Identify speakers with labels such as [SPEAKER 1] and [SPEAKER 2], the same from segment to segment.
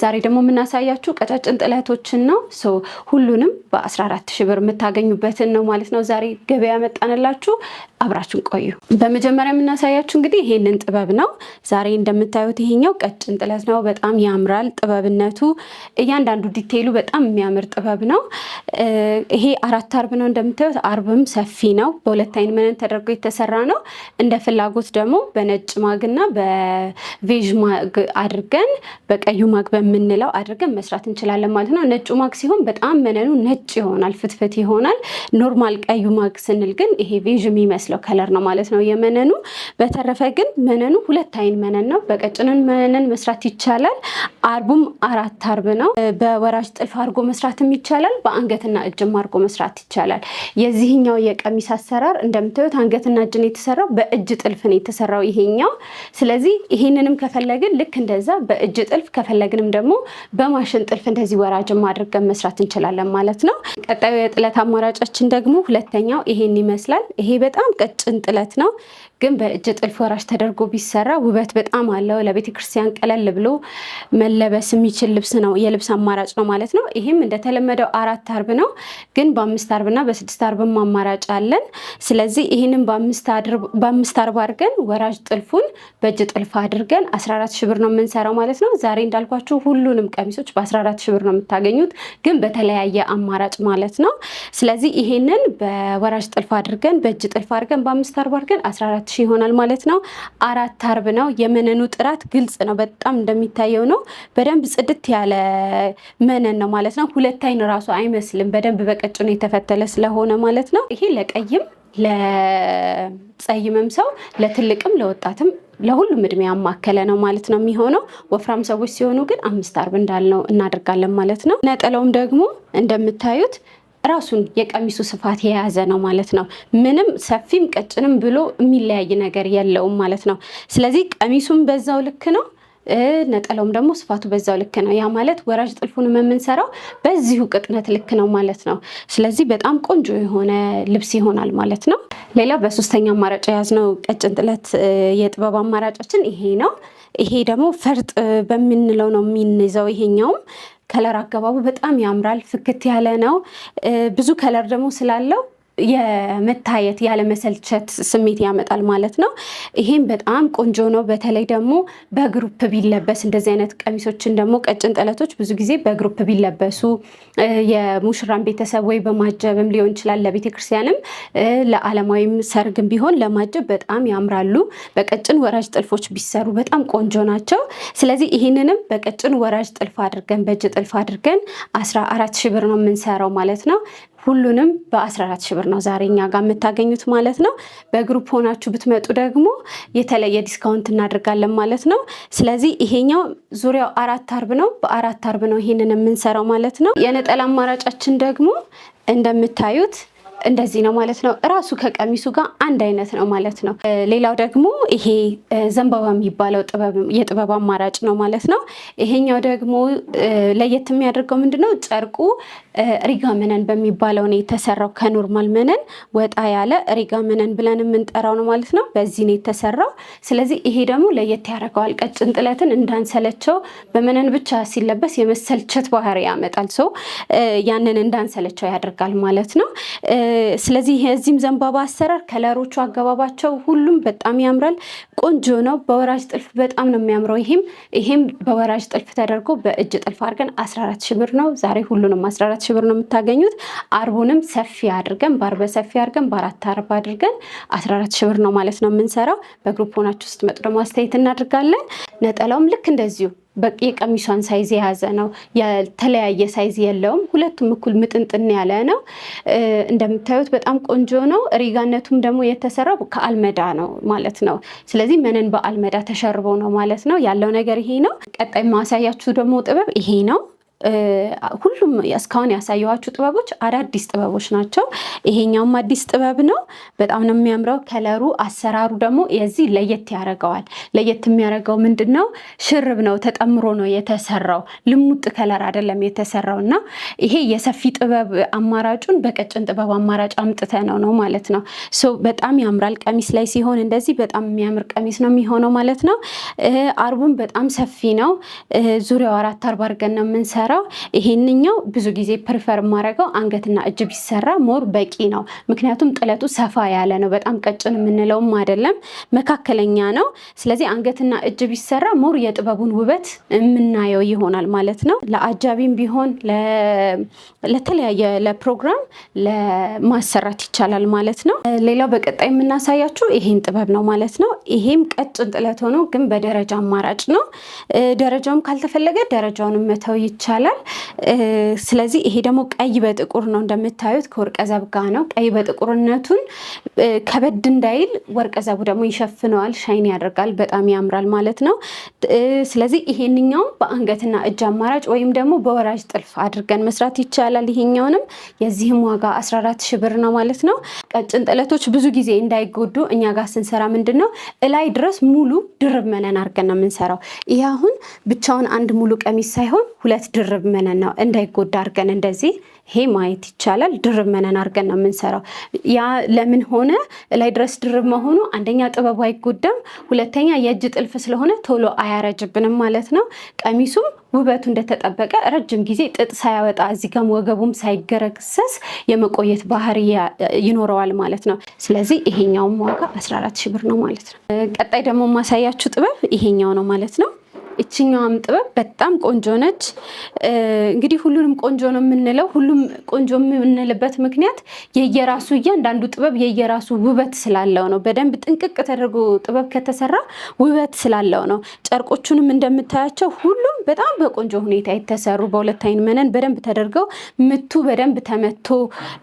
[SPEAKER 1] ዛሬ ደግሞ የምናሳያችሁ ቀጫጭን ጥለቶችን ነው። ሁሉንም በ14 ሺ ብር የምታገኙበትን ነው ማለት ነው። ዛሬ ገበያ መጣንላችሁ። አብራችን ቆዩ። በመጀመሪያ የምናሳያችሁ እንግዲህ ይሄንን ጥበብ ነው። ዛሬ እንደምታዩት ይሄኛው ቀጭን ጥለት ነው። በጣም ያምራል ጥበብነቱ። እያንዳንዱ ዲቴይሉ በጣም የሚያምር ጥበብ ነው። ይሄ አራት አርብ ነው እንደምታዩት። አርብም ሰፊ ነው። በሁለት አይን መነን ተደርጎ የተሰራ ነው። እንደ ፍላጎት ደግሞ በነጭ ማግና በቬዥ ማግ አድርገን በቀዩ ማግ በምንለው አድርገን መስራት እንችላለን ማለት ነው። ነጩ ማግ ሲሆን በጣም መነኑ ነጭ ይሆናል፣ ፍትፍት ይሆናል። ኖርማል ቀዩ ማግ ስንል ግን ይሄ ቬዥ የሚመስለው ከለር ነው ማለት ነው የመነኑ። በተረፈ ግን መነኑ ሁለት አይን መነን ነው። በቀጭንን መነን መስራት ይቻላል። አርቡም አራት አርብ ነው። በወራጅ ጥልፍ አድርጎ መስራትም ይቻላል። በአንገትና እጅም አድርጎ መስራት ይቻላል። የዚህኛው የቀሚስ አሰራር እንደምታዩት አንገትና እጅን የተሰራው በእጅ ጥልፍ ነው የተሰራው ይሄኛው። ስለዚህ ይሄንንም ከፈለግን ልክ እንደዛ በእጅ ጥልፍ ከፈለግንም ደግሞ በማሽን ጥልፍ እንደዚህ ወራጅም አድርገን መስራት እንችላለን ማለት ነው። ቀጣዩ የጥለት አማራጫችን ደግሞ ሁለተኛው ይሄን ይመስላል። ይሄ በጣም ቀጭን ጥለት ነው፣ ግን በእጅ ጥልፍ ወራጅ ተደርጎ ቢሰራ ውበት በጣም አለው። ለቤተ ክርስቲያን ቀለል ብሎ መለበስ የሚችል ልብስ ነው፣ የልብስ አማራጭ ነው ማለት ነው። ይህም እንደተለመደው አራት አርብ ነው፣ ግን በአምስት አርብና በስድስት አርብም አማራጭ አለን። ስለዚህ ይህንን በአምስት አርብ አድርገን ወራጅ ጥልፉን በእጅ ጥልፍ አድርገን 14 ሺህ ብር ነው የምንሰራው ማለት ነው። ዛሬ እንዳልኳችሁ ሁሉንም ቀሚሶች በ14 ሺ ብር ነው የምታገኙት፣ ግን በተለያየ አማራጭ ማለት ነው። ስለዚህ ይሄንን በወራጅ ጥልፍ አድርገን በእጅ ጥልፍ አድርገን በአምስት አርብ አድርገን 14 ይሆናል ማለት ነው። አራት አርብ ነው። የመነኑ ጥራት ግልጽ ነው፣ በጣም እንደሚታየው ነው። በደንብ ጽድት ያለ መነን ነው ማለት ነው። ሁለት አይን ራሱ አይመስልም። በደንብ በቀጭኑ የተፈተለ ስለሆነ ማለት ነው። ይሄ ለቀይም ለጸይምም ሰው ለትልቅም ለወጣትም ለሁሉም እድሜ ያማከለ ነው ማለት ነው የሚሆነው። ወፍራም ሰዎች ሲሆኑ ግን አምስት አርብ እንዳልነው እናደርጋለን ማለት ነው። ነጠላውም ደግሞ እንደምታዩት ራሱን የቀሚሱ ስፋት የያዘ ነው ማለት ነው። ምንም ሰፊም ቀጭንም ብሎ የሚለያይ ነገር የለውም ማለት ነው። ስለዚህ ቀሚሱም በዛው ልክ ነው። ነጠላውም ደግሞ ስፋቱ በዛው ልክ ነው። ያ ማለት ወራጅ ጥልፉን የምንሰራው በዚሁ ቅጥነት ልክ ነው ማለት ነው። ስለዚህ በጣም ቆንጆ የሆነ ልብስ ይሆናል ማለት ነው። ሌላ በሶስተኛ አማራጭ የያዝነው ቀጭን ጥለት የጥበብ አማራጫችን ይሄ ነው። ይሄ ደግሞ ፈርጥ በምንለው ነው የሚንዘው ይሄኛውም ከለር አገባቡ በጣም ያምራል። ፍክት ያለ ነው። ብዙ ከለር ደግሞ ስላለው የመታየት ያለመሰልቸት ስሜት ያመጣል ማለት ነው። ይሄም በጣም ቆንጆ ነው። በተለይ ደግሞ በግሩፕ ቢለበስ እንደዚህ አይነት ቀሚሶችን ደግሞ ቀጭን ጥለቶች ብዙ ጊዜ በግሩፕ ቢለበሱ የሙሽራን ቤተሰብ ወይ በማጀብም ሊሆን ይችላል ለቤተ ክርስቲያንም ለዓለማዊም ሰርግም ቢሆን ለማጀብ በጣም ያምራሉ። በቀጭን ወራጅ ጥልፎች ቢሰሩ በጣም ቆንጆ ናቸው። ስለዚህ ይህንንም በቀጭን ወራጅ ጥልፍ አድርገን በእጅ ጥልፍ አድርገን አስራ አራት ሺህ ብር ነው የምንሰራው ማለት ነው። ሁሉንም በ14 ሺ ብር ነው ዛሬ እኛ ጋር የምታገኙት ማለት ነው። በግሩፕ ሆናችሁ ብትመጡ ደግሞ የተለየ ዲስካውንት እናደርጋለን ማለት ነው። ስለዚህ ይሄኛው ዙሪያው አራት አርብ ነው። በአራት አርብ ነው ይሄንን የምንሰራው ማለት ነው። የነጠላ አማራጫችን ደግሞ እንደምታዩት እንደዚህ ነው ማለት ነው። እራሱ ከቀሚሱ ጋር አንድ አይነት ነው ማለት ነው። ሌላው ደግሞ ይሄ ዘንባባ የሚባለው የጥበብ አማራጭ ነው ማለት ነው። ይሄኛው ደግሞ ለየት የሚያደርገው ምንድነው? ጨርቁ ሪጋ መነን በሚባለው ነው የተሰራው። ከኖርማል መነን ወጣ ያለ ሪጋ መነን ብለን የምንጠራው ነው ማለት ነው። በዚህ ነው የተሰራው። ስለዚህ ይሄ ደግሞ ለየት ያደርገዋል። ቀጭን ጥለትን እንዳንሰለቸው በመነን ብቻ ሲለበስ የመሰልቸት ባህሪ ያመጣል። ሰው ያንን እንዳንሰለቸው ያደርጋል ማለት ነው። ስለዚህ የዚህም ዘንባባ አሰራር ከለሮቹ አገባባቸው ሁሉም በጣም ያምራል፣ ቆንጆ ነው። በወራጅ ጥልፍ በጣም ነው የሚያምረው። ይሄም ይሄም በወራጅ ጥልፍ ተደርጎ በእጅ ጥልፍ አድርገን 14 ሺ ብር ነው። ዛሬ ሁሉንም 14 ሺ ብር ነው የምታገኙት። አርቡንም ሰፊ አድርገን በአርበ ሰፊ አድርገን በአራት አርብ አድርገን 14 ሺ ብር ነው ማለት ነው የምንሰራው። በግሩፕ ሆናችሁ ስትመጡ ደግሞ አስተያየት እናድርጋለን። ነጠላውም ልክ እንደዚሁ በቂ የቀሚሷን ሳይዝ የያዘ ነው። የተለያየ ሳይዝ የለውም። ሁለቱም እኩል ምጥንጥን ያለ ነው። እንደምታዩት በጣም ቆንጆ ነው። ሪጋነቱም ደግሞ የተሰራው ከአልመዳ ነው ማለት ነው። ስለዚህ መነን በአልመዳ ተሸርቦ ነው ማለት ነው። ያለው ነገር ይሄ ነው። ቀጣይ ማሳያችሁ ደግሞ ጥበብ ይሄ ነው። ሁሉም እስካሁን ያሳየኋችሁ ጥበቦች አዳዲስ ጥበቦች ናቸው። ይሄኛውም አዲስ ጥበብ ነው። በጣም ነው የሚያምረው። ከለሩ፣ አሰራሩ ደግሞ የዚህ ለየት ያደርገዋል። ለየት የሚያደርገው ምንድን ነው? ሽርብ ነው፣ ተጠምሮ ነው የተሰራው። ልሙጥ ከለር አይደለም የተሰራው እና ይሄ የሰፊ ጥበብ አማራጩን በቀጭን ጥበብ አማራጭ አምጥተ ነው ነው ማለት ነው። በጣም ያምራል። ቀሚስ ላይ ሲሆን እንደዚህ በጣም የሚያምር ቀሚስ ነው የሚሆነው ማለት ነው። አርቡን በጣም ሰፊ ነው። ዙሪያው አራት አርባ አድርገን ነው የምንሰራ የምሰራው። ይሄንኛው ብዙ ጊዜ ፕሪፈር የማደርገው አንገትና እጅ ቢሰራ ሞር በቂ ነው። ምክንያቱም ጥለቱ ሰፋ ያለ ነው። በጣም ቀጭን የምንለውም አይደለም፣ መካከለኛ ነው። ስለዚህ አንገትና እጅ ቢሰራ ሞር የጥበቡን ውበት የምናየው ይሆናል ማለት ነው። ለአጃቢም ቢሆን ለተለያየ ለፕሮግራም ለማሰራት ይቻላል ማለት ነው። ሌላው በቀጣይ የምናሳያችሁ ይሄን ጥበብ ነው ማለት ነው። ይሄም ቀጭን ጥለት ሆኖ ግን በደረጃ አማራጭ ነው። ደረጃውም ካልተፈለገ ደረጃውን መተው ይቻላል። ይባላል። ስለዚህ ይሄ ደግሞ ቀይ በጥቁር ነው። እንደምታዩት ከወርቀ ዘብ ጋ ነው። ቀይ በጥቁርነቱን ከበድ እንዳይል ወርቀ ዘቡ ደግሞ ይሸፍነዋል፣ ሻይን ያደርጋል፣ በጣም ያምራል ማለት ነው። ስለዚህ ይሄንኛውም በአንገትና እጅ አማራጭ ወይም ደግሞ በወራጅ ጥልፍ አድርገን መስራት ይቻላል። ይሄኛውንም የዚህም ዋጋ 14 ሺህ ብር ነው ማለት ነው። ቀጭን ጥለቶች ብዙ ጊዜ እንዳይጎዱ እኛ ጋር ስንሰራ ምንድን ነው እላይ ድረስ ሙሉ ድርብ መነን አድርገን ነው የምንሰራው። ይሄ አሁን ብቻውን አንድ ሙሉ ቀሚስ ሳይሆን ሁለት ድርብ መነን ነው እንዳይጎዳ አድርገን እንደዚህ ይሄ ማየት ይቻላል። ድርብ መነን አድርገን ነው የምንሰራው። ያ ለምን ሆነ ላይ ድረስ ድርብ መሆኑ አንደኛ ጥበቡ አይጎዳም፣ ሁለተኛ የእጅ ጥልፍ ስለሆነ ቶሎ አያረጅብንም ማለት ነው። ቀሚሱም ውበቱ እንደተጠበቀ ረጅም ጊዜ ጥጥ ሳያወጣ እዚህ ጋም ወገቡም ሳይገረግሰስ የመቆየት ባህሪ ይኖረዋል ማለት ነው። ስለዚህ ይሄኛውም ዋጋ 14 ሺ ብር ነው ማለት ነው። ቀጣይ ደግሞ የማሳያችሁ ጥበብ ይሄኛው ነው ማለት ነው። እችኛዋም ጥበብ በጣም ቆንጆ ነች። እንግዲህ ሁሉንም ቆንጆ ነው የምንለው ሁሉም ቆንጆ የምንልበት ምክንያት የየራሱ እያንዳንዱ ጥበብ የየራሱ ውበት ስላለው ነው። በደንብ ጥንቅቅ ተደርጎ ጥበብ ከተሰራ ውበት ስላለው ነው። ጨርቆቹንም እንደምታያቸው ሁሉም በጣም በቆንጆ ሁኔታ የተሰሩ በሁለት አይን መነን በደንብ ተደርገው ምቱ በደንብ ተመቶ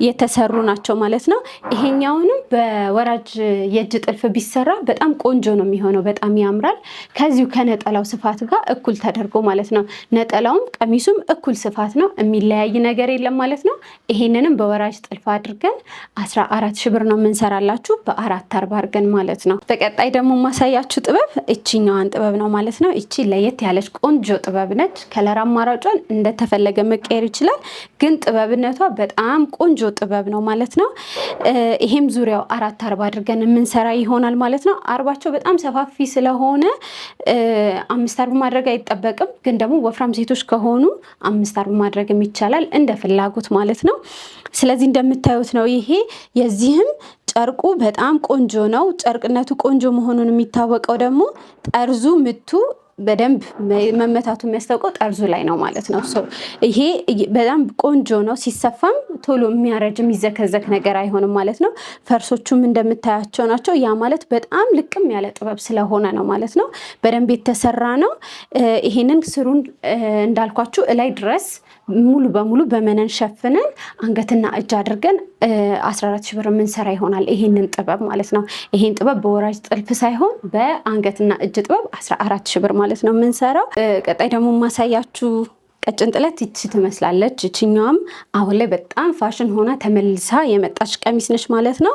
[SPEAKER 1] የተሰሩ ናቸው ማለት ነው። ይሄኛውንም በወራጅ የእጅ ጥልፍ ቢሰራ በጣም ቆንጆ ነው የሚሆነው። በጣም ያምራል ከዚሁ ከነጠላው ስፋት ጋር እኩል ተደርጎ ማለት ነው። ነጠላውም ቀሚሱም እኩል ስፋት ነው፣ የሚለያይ ነገር የለም ማለት ነው። ይሄንንም በወራጅ ጥልፍ አድርገን አስራ አራት ሺ ብር ነው የምንሰራላችሁ በአራት አርባ አድርገን ማለት ነው። በቀጣይ ደግሞ ማሳያችሁ ጥበብ እቺኛዋን ጥበብ ነው ማለት ነው። እቺ ለየት ያለች ቆንጆ ጥበብ ነች። ከለር አማራጯን እንደተፈለገ መቀየር ይችላል፣ ግን ጥበብነቷ በጣም ቆንጆ ጥበብ ነው ማለት ነው። ይሄም ዙሪያው አራት አርባ አድርገን የምንሰራ ይሆናል ማለት ነው። አርባቸው በጣም ሰፋፊ ስለሆነ አምስት አርብ ማድረግ አይጠበቅም፣ ግን ደግሞ ወፍራም ሴቶች ከሆኑ አምስት አርብ ማድረግም ይቻላል፣ እንደ ፍላጎት ማለት ነው። ስለዚህ እንደምታዩት ነው ይሄ የዚህም ጨርቁ በጣም ቆንጆ ነው። ጨርቅነቱ ቆንጆ መሆኑን የሚታወቀው ደግሞ ጠርዙ ምቱ በደንብ መመታቱ የሚያስታውቀው ጠርዙ ላይ ነው ማለት ነው። ይሄ በጣም ቆንጆ ነው። ሲሰፋም ቶሎ የሚያረጅ የሚዘከዘክ ነገር አይሆንም ማለት ነው። ፈርሶቹም እንደምታያቸው ናቸው። ያ ማለት በጣም ልቅም ያለ ጥበብ ስለሆነ ነው ማለት ነው። በደንብ የተሰራ ነው። ይሄንን ስሩን እንዳልኳችሁ እላይ ድረስ ሙሉ በሙሉ በመነን ሸፍነን አንገትና እጅ አድርገን 14 ሺህ ብር የምንሰራ ይሆናል። ይህንን ጥበብ ማለት ነው። ይሄን ጥበብ በወራጅ ጥልፍ ሳይሆን በአንገትና እጅ ጥበብ 14 ሺህ ብር ማለት ነው የምንሰራው። ቀጣይ ደግሞ ማሳያችሁ ቀጭን ጥለት ይቺ ትመስላለች። ይችኛዋም አሁን ላይ በጣም ፋሽን ሆና ተመልሳ የመጣች ቀሚስ ነች ማለት ነው።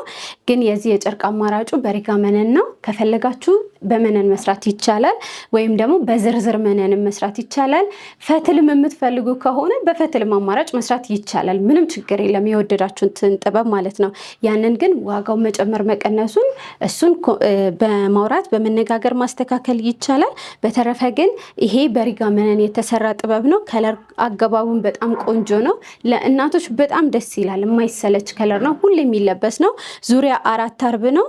[SPEAKER 1] ግን የዚህ የጨርቅ አማራጩ በሪጋ መነን ነው። ከፈለጋችሁ በመነን መስራት ይቻላል፣ ወይም ደግሞ በዝርዝር መነን መስራት ይቻላል። ፈትልም የምትፈልጉ ከሆነ በፈትልም አማራጭ መስራት ይቻላል። ምንም ችግር የለም። የወደዳችሁትን ጥበብ ማለት ነው። ያንን ግን ዋጋው መጨመር መቀነሱን እሱን በማውራት በመነጋገር ማስተካከል ይቻላል። በተረፈ ግን ይሄ በሪጋ መነን የተሰራ ጥበብ ነው። ከለር አገባቡን በጣም ቆንጆ ነው። ለእናቶች በጣም ደስ ይላል። የማይሰለች ከለር ነው። ሁሌ የሚለበስ ነው። ዙሪያ አራት አርብ ነው።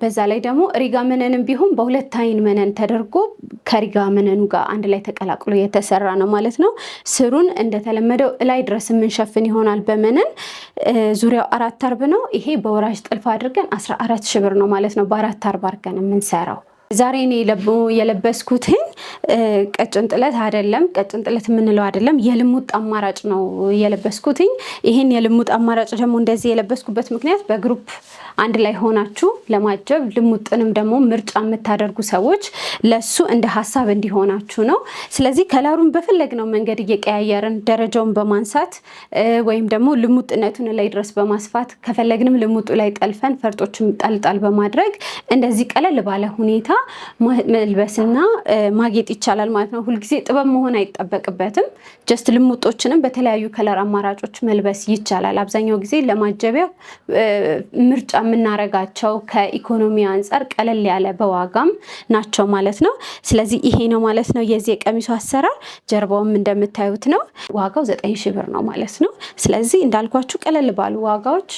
[SPEAKER 1] በዛ ላይ ደግሞ ሪጋ መነንም ቢሆን በሁለት አይን መነን ተደርጎ ከሪጋ መነኑ ጋር አንድ ላይ ተቀላቅሎ የተሰራ ነው ማለት ነው። ስሩን እንደተለመደው እላይ ድረስ የምንሸፍን ይሆናል በመነን ዙሪያው አራት አርብ ነው። ይሄ በወራጅ ጥልፍ አድርገን አስራ አራት ሺህ ብር ነው ማለት ነው። በአራት አርብ አድርገን የምንሰራው ዛሬ እኔ የለበስኩትኝ ቀጭን ጥለት አይደለም። ቀጭን ጥለት የምንለው አይደለም፣ የልሙጥ አማራጭ ነው የለበስኩትኝ። ይህን የልሙጥ አማራጭ ደግሞ እንደዚህ የለበስኩበት ምክንያት በግሩፕ አንድ ላይ ሆናችሁ ለማጀብ ልሙጥንም ደግሞ ምርጫ የምታደርጉ ሰዎች ለሱ እንደ ሀሳብ እንዲሆናችሁ ነው። ስለዚህ ከለሩን በፈለግነው መንገድ እየቀያየርን ደረጃውን በማንሳት ወይም ደግሞ ልሙጥነቱን ላይ ድረስ በማስፋት ከፈለግንም ልሙጡ ላይ ጠልፈን ፈርጦችን ጣልጣል በማድረግ እንደዚህ ቀለል ባለ ሁኔታ መልበስና ማጌጥ ይቻላል ማለት ነው። ሁልጊዜ ጥበብ መሆን አይጠበቅበትም። ጀስት ልሙጦችንም በተለያዩ ከለር አማራጮች መልበስ ይቻላል። አብዛኛው ጊዜ ለማጀቢያ ምርጫ የምናረጋቸው ከኢኮኖሚ አንጻር ቀለል ያለ በዋጋም ናቸው ማለት ነው። ስለዚህ ይሄ ነው ማለት ነው የዚህ የቀሚሱ አሰራር። ጀርባውም እንደምታዩት ነው። ዋጋው ዘጠኝ ሺህ ብር ነው ማለት ነው። ስለዚህ እንዳልኳችሁ ቀለል ባሉ ዋጋዎች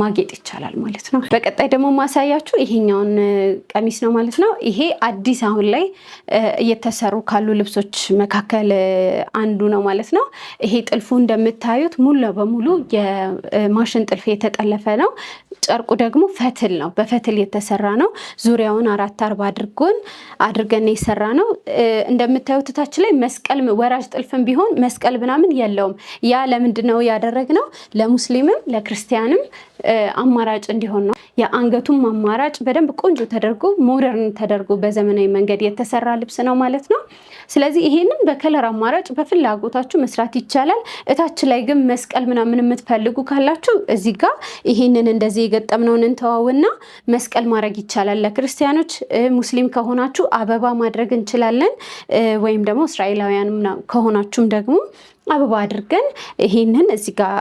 [SPEAKER 1] ማጌጥ ይቻላል ማለት ነው። በቀጣይ ደግሞ ማሳያችሁ ይሄኛውን ቀሚስ ነው ማለት ነው። ነው። ይሄ አዲስ አሁን ላይ እየተሰሩ ካሉ ልብሶች መካከል አንዱ ነው ማለት ነው። ይሄ ጥልፉ እንደምታዩት ሙሉ በሙሉ የማሽን ጥልፍ የተጠለፈ ነው። ጨርቁ ደግሞ ፈትል ነው፣ በፈትል የተሰራ ነው። ዙሪያውን አራት አርባ አድርጎን አድርገን የሰራ ነው። እንደምታዩት ታች ላይ መስቀል ወራጅ ጥልፍም ቢሆን መስቀል ምናምን የለውም። ያ ለምንድን ነው ያደረግነው? ለሙስሊምም ለክርስቲያንም አማራጭ እንዲሆን ነው። የአንገቱም አማራጭ በደንብ ቆንጆ ተደርጎ ሞደርን ተደርጎ በዘመናዊ መንገድ የተሰራ ልብስ ነው ማለት ነው። ስለዚህ ይሄንን በከለር አማራጭ በፍላጎታችሁ መስራት ይቻላል። እታች ላይ ግን መስቀል ምናምን የምትፈልጉ ካላችሁ እዚህ ጋ ይሄንን እንደዚህ የገጠምነውን እንተዋውና መስቀል ማድረግ ይቻላል። ለክርስቲያኖች ሙስሊም ከሆናችሁ አበባ ማድረግ እንችላለን። ወይም ደግሞ እስራኤላውያን ከሆናችሁም ደግሞ አበባ አድርገን ይሄንን እዚህ ጋር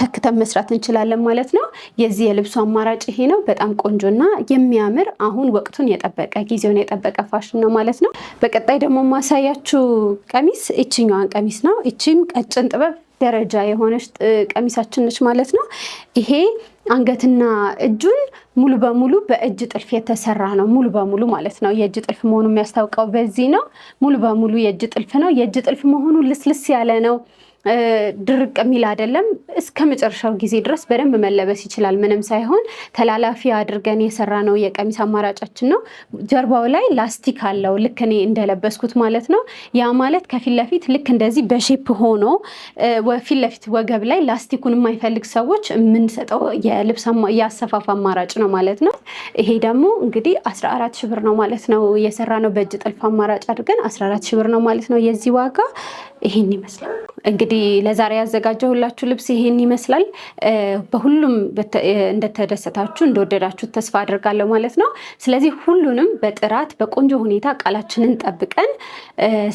[SPEAKER 1] ተክተን መስራት እንችላለን ማለት ነው። የዚህ የልብሱ አማራጭ ይሄ ነው። በጣም ቆንጆና የሚያምር አሁን ወቅቱን የጠበቀ ጊዜውን የጠበቀ ፋሽን ነው ማለት ነው። በቀጣይ ደግሞ ማሳያችሁ ቀሚስ ይችኛዋን ቀሚስ ነው። ይቺም ቀጭን ጥበብ ደረጃ የሆነች ቀሚሳችን ነች ማለት ነው። ይሄ አንገትና እጁን ሙሉ በሙሉ በእጅ ጥልፍ የተሰራ ነው። ሙሉ በሙሉ ማለት ነው የእጅ ጥልፍ መሆኑ የሚያስታውቀው በዚህ ነው። ሙሉ በሙሉ የእጅ ጥልፍ ነው። የእጅ ጥልፍ መሆኑ ልስልስ ያለ ነው። ድርቅ የሚል አይደለም። እስከ መጨረሻው ጊዜ ድረስ በደንብ መለበስ ይችላል። ምንም ሳይሆን ተላላፊ አድርገን የሰራ ነው የቀሚስ አማራጫችን ነው። ጀርባው ላይ ላስቲክ አለው፣ ልክ እኔ እንደለበስኩት ማለት ነው። ያ ማለት ከፊት ለፊት ልክ እንደዚህ በሼፕ ሆኖ ፊት ለፊት ወገብ ላይ ላስቲኩን የማይፈልግ ሰዎች የምንሰጠው የልብስ የአሰፋፍ አማራጭ ነው ማለት ነው። ይሄ ደግሞ እንግዲህ 14 ሺህ ብር ነው ማለት ነው። የሰራ ነው በእጅ ጥልፍ አማራጭ አድርገን 14 ሺህ ብር ነው ማለት ነው የዚህ ዋጋ ይሄን ይመስላል እንግዲህ ለዛሬ ያዘጋጀሁላችሁ ልብስ ይሄን ይመስላል። በሁሉም እንደተደሰታችሁ እንደወደዳችሁ ተስፋ አድርጋለሁ ማለት ነው። ስለዚህ ሁሉንም በጥራት በቆንጆ ሁኔታ ቃላችንን ጠብቀን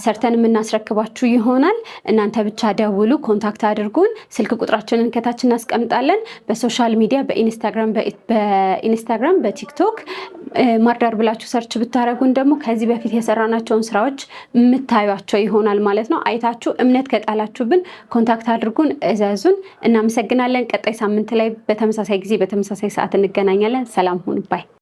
[SPEAKER 1] ሰርተን የምናስረክባችሁ ይሆናል። እናንተ ብቻ ደውሉ፣ ኮንታክት አድርጉን። ስልክ ቁጥራችንን ከታች እናስቀምጣለን። በሶሻል ሚዲያ በኢንስታግራም በቲክቶክ ማርዳር ብላችሁ ሰርች ብታደረጉን ደግሞ ከዚህ በፊት የሰራናቸውን ስራዎች የምታዩቸው ይሆናል ማለት ነው አይታ ብላችሁ እምነት ከጣላችሁብን ኮንታክት አድርጉን፣ እዘዙን። እናመሰግናለን። ቀጣይ ሳምንት ላይ በተመሳሳይ ጊዜ በተመሳሳይ ሰዓት እንገናኛለን። ሰላም ሁኑ ባይ